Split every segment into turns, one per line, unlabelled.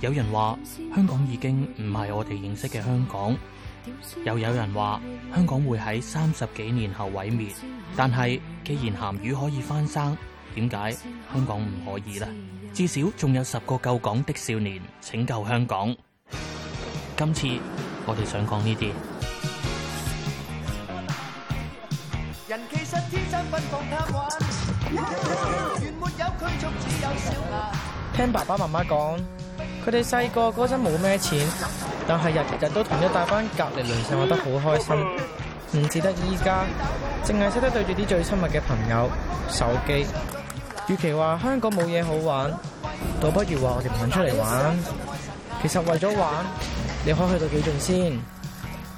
有人話香港已經唔係我哋認識嘅香港，又有人話香港會喺三十幾年後毀滅。但係既然鹹魚可以翻生，點解香港唔可以呢？至少仲有十個救港的少年拯救香港。今次我哋想講呢啲。
聽爸爸媽媽講。佢哋細個嗰陣冇咩錢，但係日日都同一大班隔籬鄰舍玩得好開心，唔似得依家，淨係識得對住啲最親密嘅朋友手機。與其話香港冇嘢好玩，倒不如話我哋唔肯出嚟玩。其實為咗玩，你可以去到幾盡先？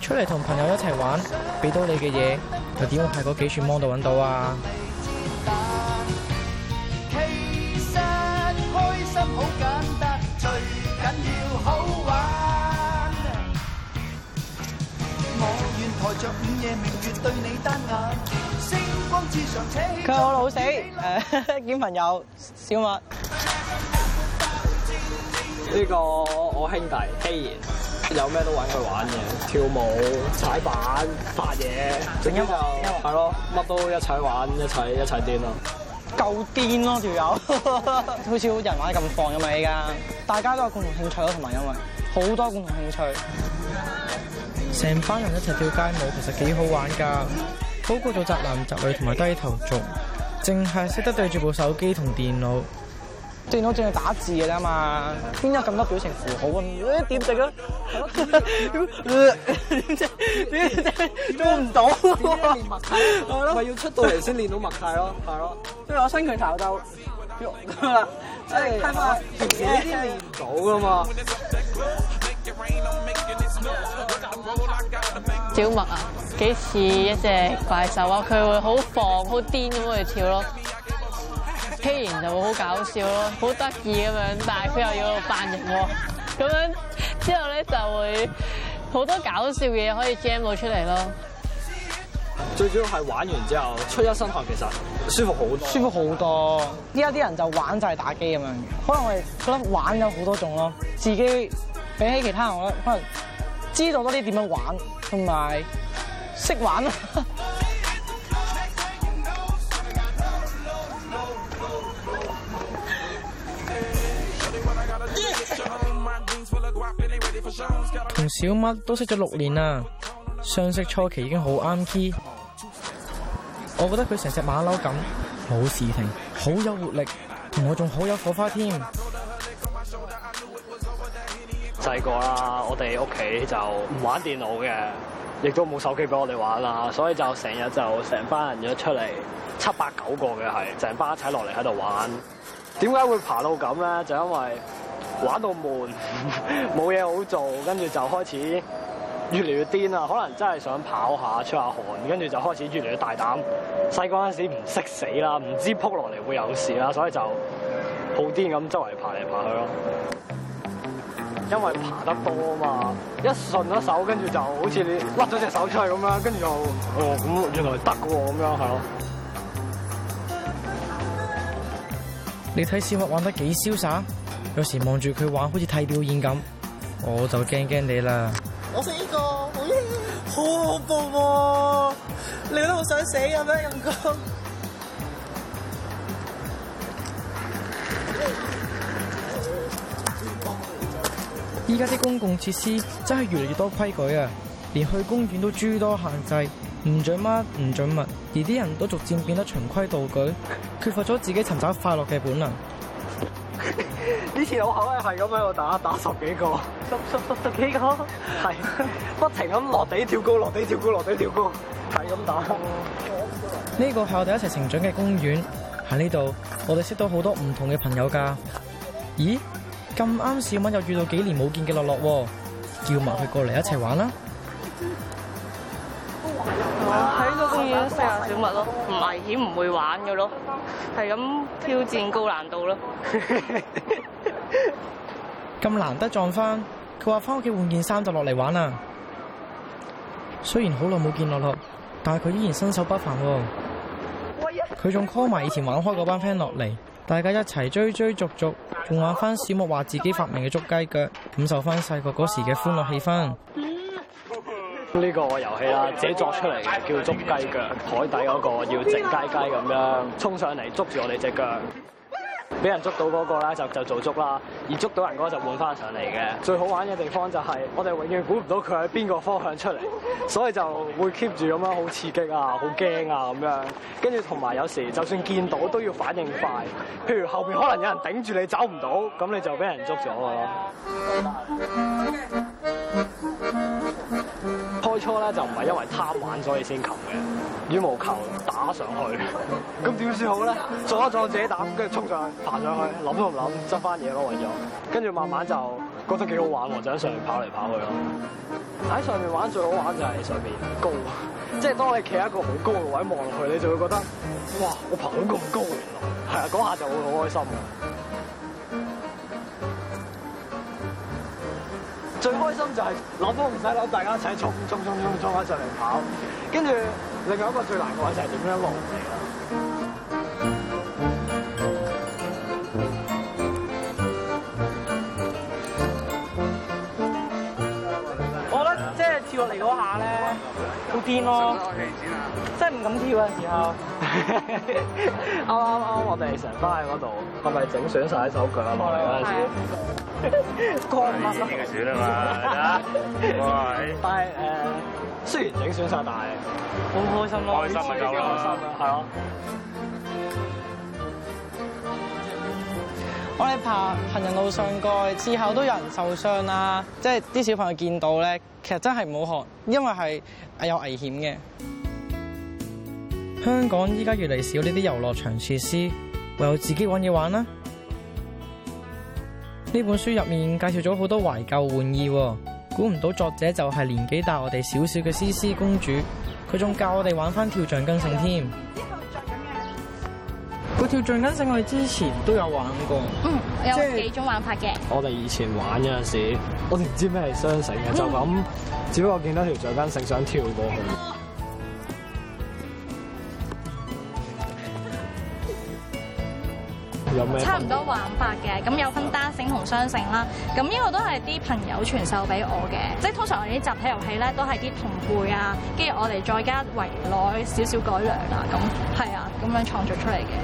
出嚟同朋友一齊玩，俾到你嘅嘢，又點會喺嗰幾寸芒度揾到啊？佢我老死，誒， 小朋友小麥，
呢個我兄弟希然。有咩都搵佢玩嘅，跳舞、踩板、發嘢，總之就係咯，乜 都一齊玩，一齊一齊癲咯，
夠癲咯條友，這個、 好似人玩咁放嘅咪噶，大家都有共同興趣咯，同埋因為好多共同興趣。成班人一齊跳街舞，其實幾好玩噶，好過做宅男宅女同埋低頭族，淨係識得對住部手機同電腦，電腦淨係打字嘅啦嘛，邊有咁多表情符號啊？點
整啊？點整？點整？做唔到，咪要出到嚟先練到默契咯，係咯，
即係我伸佢頭就，
係嘛？點先練到噶嘛？
小麥啊，幾似一隻怪獸啊！佢會好放好癲咁去跳咯，雖然 就會好搞笑咯，好得意咁樣，但係佢又要扮人喎，咁樣之後咧就會好多搞笑嘅嘢可以
jam 到出嚟咯。
最主要係玩完之後出一身汗，其實舒服好多，舒服好多。
依家啲人就玩就係、是、打機咁樣，可能我哋覺得玩咗好多種咯，自己，比起其他人，我可能知道多啲點樣玩，同埋 識玩啦。同小乜都識咗六年啦，相識初期已經好啱 key。我覺得佢成隻馬騮咁，冇時停，好有活力，同我仲好有火花添。
細個啦，我哋屋企就唔玩電腦嘅，亦都冇手機俾我哋玩啦，所以就成日就成班人約出嚟，七八九個嘅係，成班一齊落嚟喺度玩。點解會爬到咁咧？就因為玩到悶，冇嘢好做，跟住就開始越嚟越癲啦。可能真係想跑下，出下汗，跟住就開始越嚟越大膽。細個嗰陣時唔識死啦，唔知扑落嚟會有事啦，所以就好癲咁周圍爬嚟爬去咯。因為爬得多嘛，一順咗手，跟住就好似你甩咗隻手出嚟咁樣，跟住就哦，咁原來得個咁樣，係咯。
你睇小物玩得幾瀟灑，有時望住佢玩好似睇表演咁，我就驚驚你啦。我食呢個，好恐怖喎！你都好想死嘅咩，咁咁？依家啲公共設施真係越嚟越多規矩啊！連去公園都諸多限制，唔准乜唔准物，而啲人都逐漸變得循規蹈矩，缺乏咗自己尋找快樂嘅本能。
以 前我好係咁喺度打打十幾個，十十十幾個，係 不停咁落地跳高，落地跳高，落地跳高，係咁打啊。
呢個係我哋一齊成長嘅公園，喺呢度我哋識到好多唔同嘅朋友噶。咦？咁啱小敏又遇到幾年冇見嘅樂樂，啊，叫埋佢過嚟一齊玩啦。
喺度見
到四眼啊，小物咯，唔危險唔會玩嘅咯，係咁挑戰高難度咯。
咁 難得撞翻，佢話翻屋企換件衫就落嚟玩啦，啊。雖然好耐冇見樂樂，但係佢依然身手不凡，啊。佢仲 call 埋以前玩開嗰班 friend 落嚟。.大家一齊追追逐逐，仲玩翻小木話自己發明嘅捉雞腳，感受翻細個嗰時嘅歡樂氣氛。
呢、嗯、個遊戲啦，自己作出嚟嘅叫捉雞腳，海底嗰個要靜雞雞咁樣，衝上嚟捉住我哋隻腳。俾人捉到嗰個咧，就就做捉啦。而捉到人嗰個就換翻上嚟嘅。 最好玩嘅地方就係，我哋永遠估唔到佢喺邊個方向出嚟，所以就會 keep 住咁樣，好刺激啊，好驚啊咁樣。跟住同埋有時就算見到都要反應快。譬如後邊可能有人頂住你，走唔到，咁你就俾人捉咗咯。 初咧就唔係因為貪玩所以先擒嘅。羽毛球打上去，咁點算好咧？壯一壯自己膽，跟住衝上去，爬上去，諗都唔諗，執翻嘢咯，搵咗，跟住慢慢就覺得幾好玩喎，就喺上面跑嚟跑去咯。喺 上面玩最好玩就係上面高，即係當你企喺一個好高嘅位望落去，你就會覺得哇，我爬到咁高原來，係啊，嗰下就會好開心嘅。最開心就係攞波唔使攞，大家一齊衝衝衝衝衝
翻上嚟跑，跟住另外一個最難嘅話就係點樣落嚟
啦。我
覺得即係跳落嚟嗰下咧，好
癲咯！真係唔敢跳嘅時候，啱啱啱，我哋成班喺嗰度，係咪整損曬手腳啊？落嚟嗰陣時過萬歲！呢個選啊嘛，吓但係誒，雖然整損晒大，好開心咯，開心係夠啦，開心啦，係咯。
嗯、了我哋爬行人路上蓋，之後都有人受傷啦，即係啲小朋友見到咧，其實真係唔好學，因為係有危險嘅。香港依家越嚟少呢啲遊樂場設施，唯有自己搵嘢玩啦。呢本書入面介紹咗好多懷舊玩意，估唔到作者就係年紀大我哋少少嘅詩詩公主，佢仲教我哋玩返跳橡筋繩添。
佢、嗯，跳橡筋繩我哋之前都有玩過，嗯，有
幾種玩法嘅。
我哋以前玩嗰陣時，我哋唔知咩係雙繩嘅，嗯、就咁，只不過見到條橡筋繩想跳過去。差唔
多玩法嘅，咁有分單繩同雙繩啦。咁呢個都係啲朋友傳授俾我嘅，即係通常我哋啲集體遊戲咧都係啲同輩啊，跟住我哋再加圍內少少改良啊，咁係啊，咁樣創作出嚟嘅。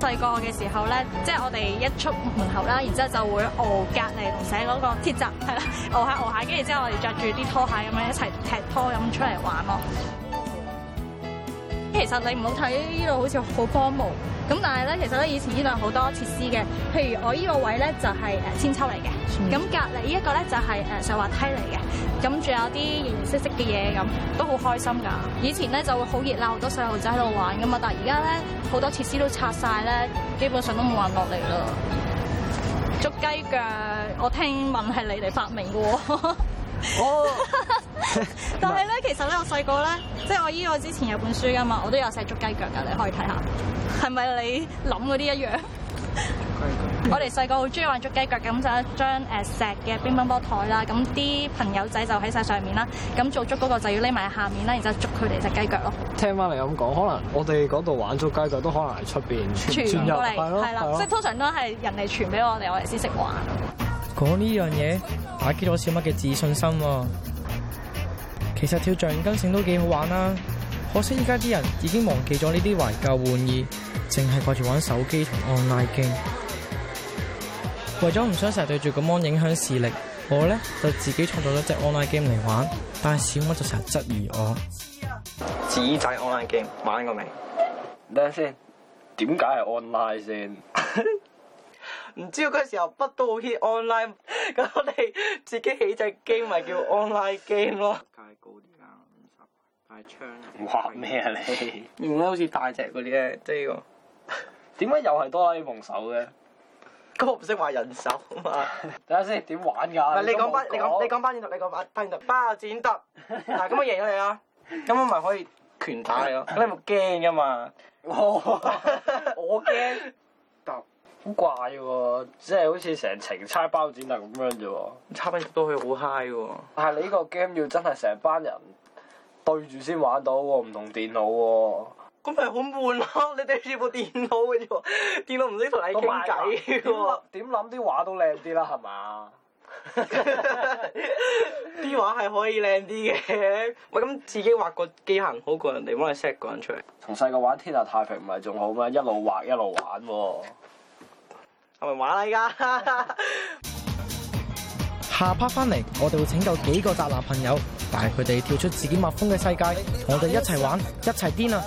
細個嘅時候咧，即係我哋一出門口啦，然之後就會熬隔離同寫嗰個鐵閘，係啦，熬下熬下，跟住之後我哋着住啲拖鞋咁樣一齊踢拖咁出嚟玩咯。其實你唔好睇呢度好似好荒蕪，咁但係咧，其實咧以前呢度好多設施嘅，譬如我呢個位咧就係、是、誒、uh, 千秋嚟嘅，咁隔籬、嗯、呢一個咧就係、是、誒、uh, 上滑梯嚟嘅，咁仲有啲形形色色嘅嘢咁，都好開心噶。以前咧就會好熱鬧，好多細路仔喺度玩噶嘛，但係而家咧好多設施都拆晒咧，基本上都冇人落嚟啦。捉雞腳，我聽聞係你哋發明嘅喎、哦。 哦， 但係咧，其實咧，我細個咧，即係我依我之前有本書噶嘛，我都有寫捉雞腳噶，你可以睇下，係咪你諗嗰啲一樣？我哋細個好中意玩捉雞腳嘅，咁就一張誒石嘅乒乓波台啦，咁啲朋友仔就喺晒上面啦，咁做捉嗰個就要匿埋下面啦，然之後捉佢哋隻雞腳咯。
聽翻嚟咁講，可能我哋嗰度玩捉雞腳都可能係出邊傳全入嚟，係啦，即係通常
都係人哋傳俾我哋，我哋先識玩。
講呢樣嘢。打擊咗小乜嘅自信心。其實跳橡筋繩都幾好玩啦，可惜依家啲人已經忘記咗呢啲懷舊玩意，淨係掛住玩手機同 online game。為咗唔想成日對住個 Mon 影響視力，我咧就自己創造咗一隻 online game 嚟玩，但係小乜就成日質疑我。
紙仔 online game 玩過未？睇下先，點解係 online 先？」.唔知嗰時候不都好 hit online，咁我哋自己起隻 game 咪叫 online
game 咯。界高啲啊，五十，大槍。
玩咩啊你？用咧好
似大隻嗰啲咧，即係呢個。點解又係哆啦 A 夢手嘅？咁我唔識畫人手啊嘛。等下先，點玩㗎？你講返，你講你講巴你講巴巴剪突，巴剪突。嗱，咁我贏咗你啊！咁我咪可以拳打咯。咁你咪驚㗎嘛？我
我驚。好怪喎，即係好似成程猜包剪揼咁樣啫喎，猜翻入到去好 high 喎。但係你呢個 game 要真係成班人對住先玩到喎，唔同電腦喎、啊。咁咪好悶咯、啊，你對住部電腦嘅啫喎，電腦唔識同你傾偈喎。點諗啲畫都靚啲啦，係嘛？
啲畫係可以靚啲嘅，喂咁 自己畫個機型好過人哋幫你 set 個人出嚟。
從細個玩《天下太平》唔係仲好咩？一路畫一路玩喎。係咪玩啦，而家
下 part 翻嚟，我哋會拯救幾個宅男朋友，帶佢哋跳出自己密封嘅世界，同我哋一齊玩，一齊癲啊！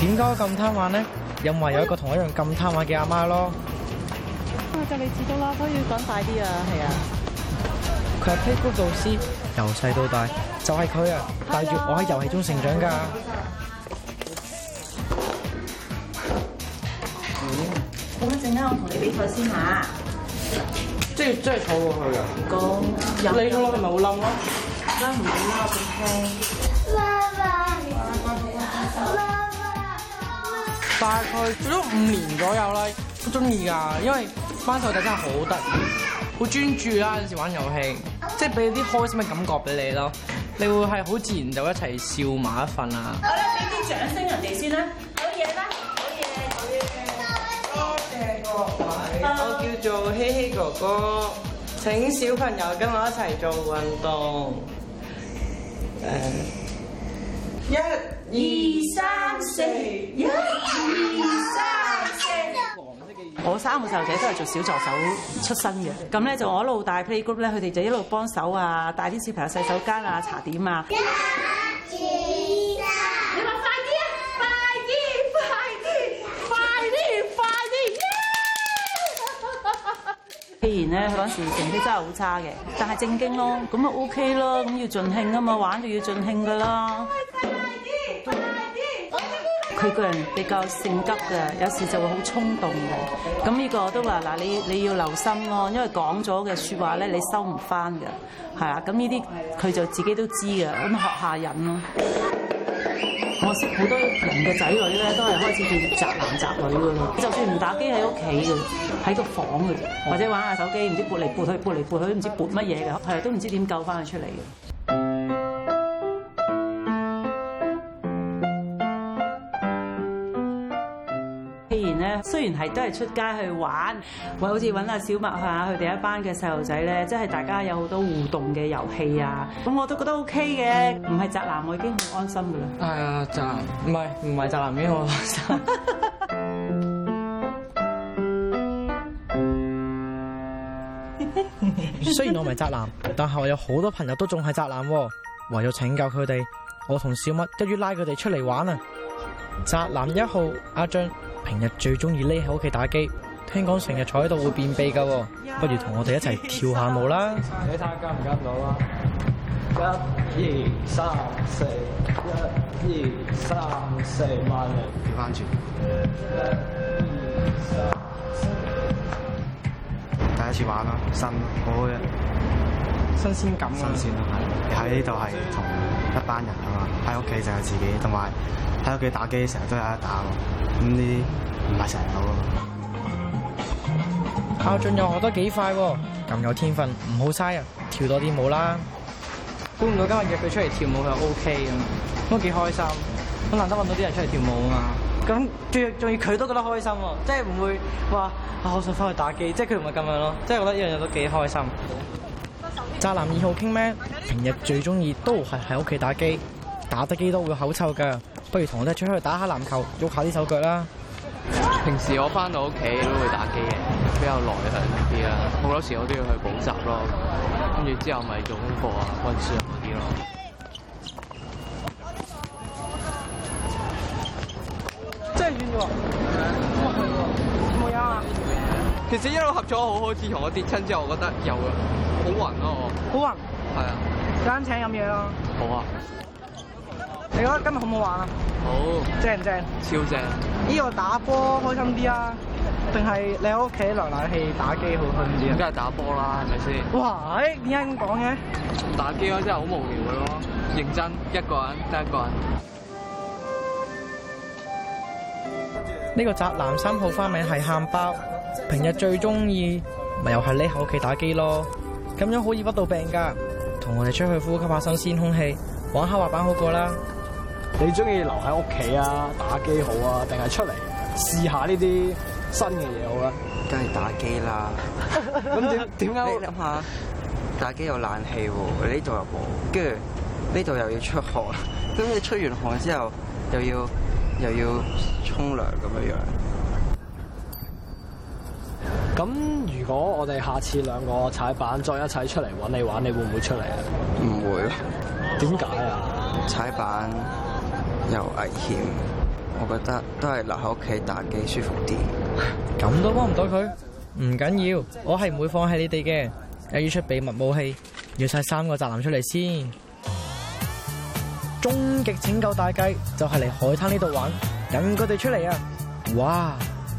點解咁貪玩呢？因為有，有一個同一樣咁貪玩嘅阿媽咯。就你知道啦，可以講快啲啊，係啊。 係 k i f o 導師，由細到大就係佢啊，帶住我喺遊戲中成長噶，嗯。嗯、好、
嗯、啊，
陣間我同你比賽先下。即係即係坐過去啊！咁，
你坐過去咪好冧咯？冧唔到啦，正飛。爸
大概做咗五年左右啦，好中意噶，因為班細弟真係好得意，好專注啦，有時玩遊戲。即係俾啲開心嘅感覺俾你咯，你會係好自然就一齊笑埋一份啊！
好啦，俾啲掌聲人哋
先啦，好嘢啦，好嘢，好嘢！多謝各位，我叫做希希哥哥，請小朋友跟我一齊做運動。
誒，一、二、三、四，一、二、三。我三個細路仔都係做小助手出身嘅，咁咧 就我一路帶 playgroup 咧，佢 哋就一路幫手啊， 帶啲小朋友洗手間啊、茶 點啊。你話快
啲啊，快啲快啲快啲快啲、yeah! 既
哈哈哈然咧，嗰陣時成績真係好差嘅，但係正經咯，咁啊 OK 咯，咁要盡興啊嘛，玩就要盡興噶啦。 佢個人比較性急嘅，有時就會好衝動嘅。咁呢個都話嗱，你你要留心咯，因為講咗嘅説話咧，你收唔翻嘅，係啊。咁呢啲佢就自己都知嘅，咁學下人咯。我識好多人嘅仔女咧，都係開始變作宅男宅女㗎啦。就算唔打機喺屋企嘅，喺個房嘅，或者玩下手機，唔知撥嚟撥去，撥嚟撥去都唔知撥乜嘢㗎，係啊，都唔知點救翻佢出嚟㗎。雖然係都係出街去玩，或者好似揾阿小麥啊，佢哋一班嘅細路仔咧，即係大家有好多互
動嘅遊戲啊，
咁我都覺得 OK 嘅，唔係宅男，我已經好安心噶啦。
係啊、哎，宅，宅男，唔係唔係宅男先，我 雖然我唔係宅男，但係我有好多朋友都仲係宅男喎，為咗拯救佢哋，我同小麥一於拉佢哋出嚟玩啊！宅男一號阿張。平日最中意匿喺屋企打機，聽講成日坐喺度會便秘㗎喎，不如同我哋一齊跳下舞啦！
你睇下跟唔跟到咯？一、二、三、四，一、二、三、四，萬零。調翻轉。一、二、三、四。第一次玩啦，新好嘅。
新鮮感咯、啊，喺呢度係同一班人啊嘛，喺屋企就有自己，同埋喺屋企打機成日都有得打喎。咁呢啲唔係成日有咯。孝、啊、俊又學得幾快喎，咁有天分唔好嘥啊，跳多啲舞啦。估唔到今日約佢出嚟跳舞佢 OK 咁都幾開心。好難得揾到啲人出嚟跳舞啊嘛，咁仲仲要佢都覺得開心喎，即係唔會話啊我想翻去打機，即係佢唔係咁樣咯，即係我覺得一樣都幾開心。宅男二號傾咩？平日最中意都係喺屋企打機，打得機都會口臭噶。不如同我哋出去打下籃球，喐下啲手腳啦。
平時我翻到屋企都會打機嘅，比較內向啲啦。好多時我都要去補習咯，跟住之後咪做功課，溫書咯。借
住我。有冇音啊？
其實一路合作好好，自從我跌親之後，我覺得有啊。好暈咯、啊，我好暈運，係啊，陣
間請飲嘢咯。好啊，你覺得今日好唔好玩啊？
好，正唔正？超正。
呢個打波開心啲啊，定係你喺屋企涼冷氣打機好開唔開啲啊？梗係打波啦，係咪先？哇！
點解咁講嘅？打機咧真係好無聊嘅咯、啊，認真一個人得一個人。
呢個，個宅男三號花名係喊包，平日最中意咪又係匿喺屋企打機咯。咁樣好易屈到病噶，
同我哋出去呼吸下新鮮空氣，玩下滑板好過啦。你中意留喺屋企啊，打機好啊，定係出嚟試下呢啲新嘅嘢好啊？梗係打機啦。
咁點點解？ 你
諗下，打機有冷
氣喎，呢度又冇，跟住呢度又要出汗，咁你出完汗之後又要又要沖涼咁樣樣。
咁如果我哋下次兩個踩板再一齊出嚟揾你玩，你會唔會出嚟會啊？唔會。點解啊？踩板又危險，我覺得都係留喺屋企打機舒服啲。咁都
幫唔到佢？唔緊要，我係唔會放棄你哋嘅。一於出秘密武器，要晒三個宅男出嚟先。終極拯救大計就係嚟海灘呢度玩，等佢哋出嚟啊！哇，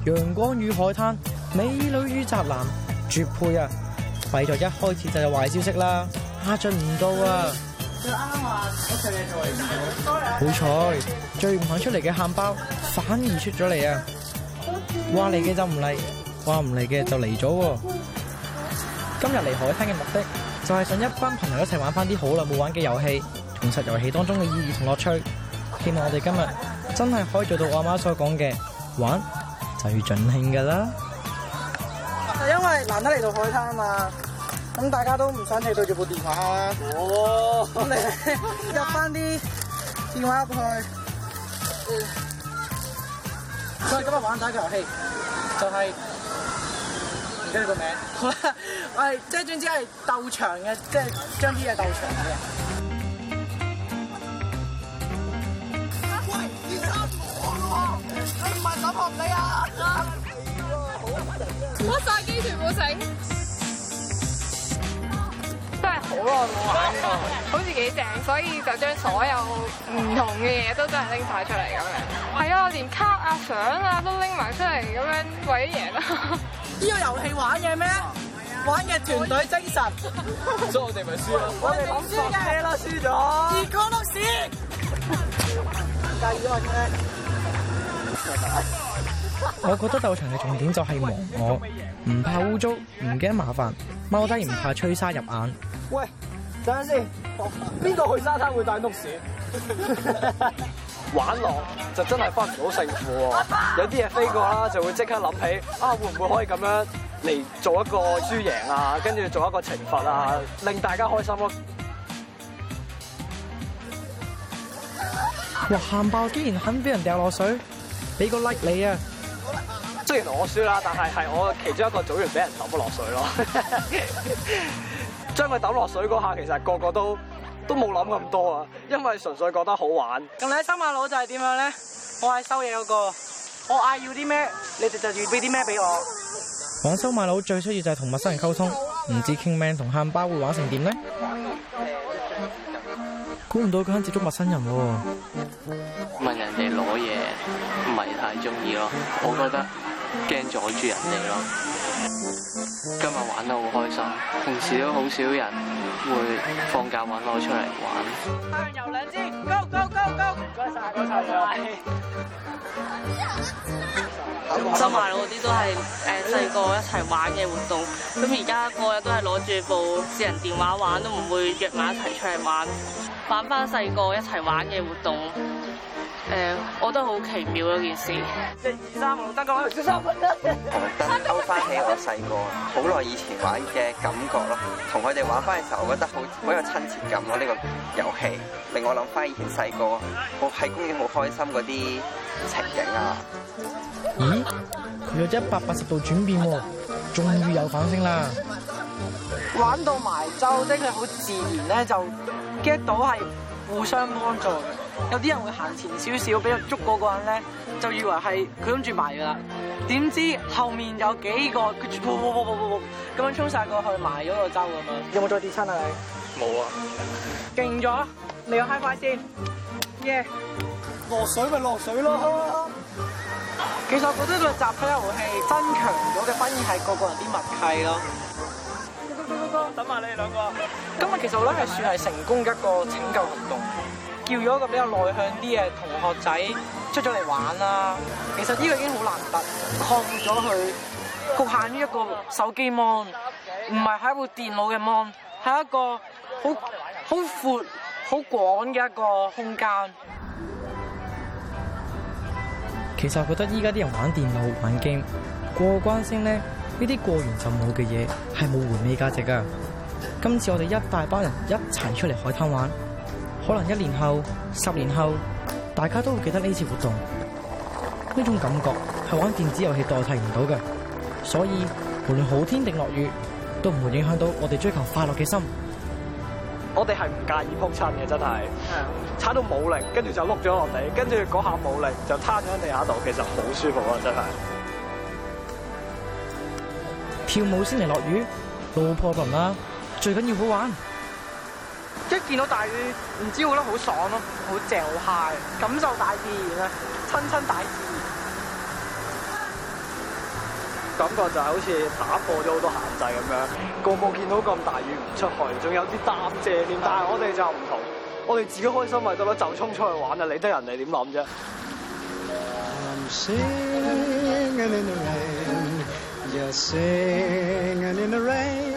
陽光與海灘。美女與宅男絕配啊！弊在一開始就有壞消息啦，下進唔到啊！佢啱啱話我
最近做嘢好多
人。好彩最唔肯出嚟嘅喊包反而出咗嚟啊！話嚟嘅就唔嚟，話唔嚟嘅就嚟咗。今日嚟海灘嘅目的，就係想一班朋友一齊玩返啲好耐冇玩嘅遊戲，重拾遊戲當中嘅意義同樂趣。希望我哋今日真係可以做到我阿媽所講嘅，玩就要盡興㗎啦！ 難得嚟到海灘啊嘛，咁大家都唔想睇到住部電話啊。哦，咁你入翻啲電話入去。所以今日玩嘅遊戲就係、是、唔記得個名。 就是、喂，即係總之係鬥長嘅，即係將啲嘢鬥長嘅。
喂，你唔係手控你啊？啊我手機。好正，真係好耐冇玩啦，好似幾正，所以就將所有唔同嘅嘢都真係拎晒出嚟咁樣。係啊，連卡啊、相啊都拎埋出嚟咁樣，鬼贏啊！呢個遊戲玩嘅咩？玩嘅團隊精神。所以我哋咪輸咯。我哋講輸嘅啦，輸咗。二哥落線。計咗未？
我覺得鬥場嘅重點就係忙我，唔怕污糟，唔驚麻煩，踎低唔怕吹沙入眼。
喂，等陣先，邊個去沙灘會帶篤屎玩落就真係返唔到勝負喎。有啲嘢飛過啦，就會即刻諗起啊，會唔會可以咁樣嚟做一個輸贏啊？跟住做一個懲罰啊，令大家開心咯、啊。
哇，喊爆竟然肯俾人掉落水，俾個 like 你啊！
雖然我輸啦，但係係我其中一個組員俾人抌落水咯。將佢抌落水嗰下，其實個個都都冇諗咁多啊，因為純粹覺得好玩。咁
你喺收買佬就係點樣咧？我係收嘢嗰、嗰個，我嗌要啲咩，你哋就要俾啲咩俾我。玩收買佬最需要就係同陌生人溝通，唔知傾 man 同喊巴會玩成點咧？
估
唔、嗯、到咁接觸陌生人喎，
問人哋攞嘢唔係太中意咯，我覺得。驚阻住人哋咯！今日玩得好開心，平時都好少人會放假玩攞出嚟玩。遊兩支。Go Go Go Go！唔該晒，唔該晒。收埋我啲都係誒細個一
齊玩嘅活動，咁而家個日都係攞住部私人電話玩，都唔會約埋一齊出嚟玩，玩翻細個一齊玩嘅活動。
誒，uh, 我覺得好
奇妙一 件
事。一二三，得。
德剛，小心！黃德
勾翻起我細個好耐以前玩嘅感覺咯，同佢哋玩翻嘅時候，我覺得好好有親切感咯。呢、這個遊戲令我諗翻以前細個，我喺公園好開心嗰啲情景啊！
咦、嗯，佢有一百八十度轉變喎，終於有反應啦！玩到埋，就即係佢好自然咧，就 get 到係互相幫助。有啲人會行前少少，俾佢捉過嗰人咧，就以為係佢諗住埋噶啦。點知後面有幾個佢，咁、欸、樣衝晒過去埋咗個州咁啊！有冇再跌親啊你？冇啊了！勁咗，你有 high five 先？耶、yeah！落水咪落水咯！其實我覺得個集體遊戲增強咗嘅，反而係個個人啲默契咯。
等埋你哋兩個，嗯嗯嗯、
今日其實咧係算係成功一個拯救行動。叫咗個比較內向啲嘅同學仔出咗嚟玩啦，其實呢個已經好難得，擴闊咗佢局限於一個手機 mon，唔係喺部電腦嘅 mon，係一個好好闊、好廣嘅一個空間。其實我覺得依家啲人玩電腦、玩機過關星咧，呢啲過完就冇嘅嘢係冇回味價值㗎。今次我哋一大班人一齊出嚟海灘玩。可能一年後、十年後，大家都會記得呢次活動，呢種感覺係玩電子遊戲代替唔到嘅。所以，無論好天定落雨，都唔會影響到我哋追求快樂嘅心。
我哋係唔介意撲親嘅，真係。踩到冇力，跟住就碌咗落地，跟住嗰下冇力就攤咗喺地下度，其實好舒服啊，真係。
跳舞先嚟落雨，老婆咁啦，最緊要好玩。見到大雨，唔知覺得好爽咯，好 joy high，感受大自
然咧，親親大自然， 感覺就係好似打破咗好多限制咁樣。個個見到咁大雨唔出去，仲有啲擔謝添，但係我哋就唔同，我哋自己開心咪得咯，就衝出去玩啊！理得人哋點諗啫。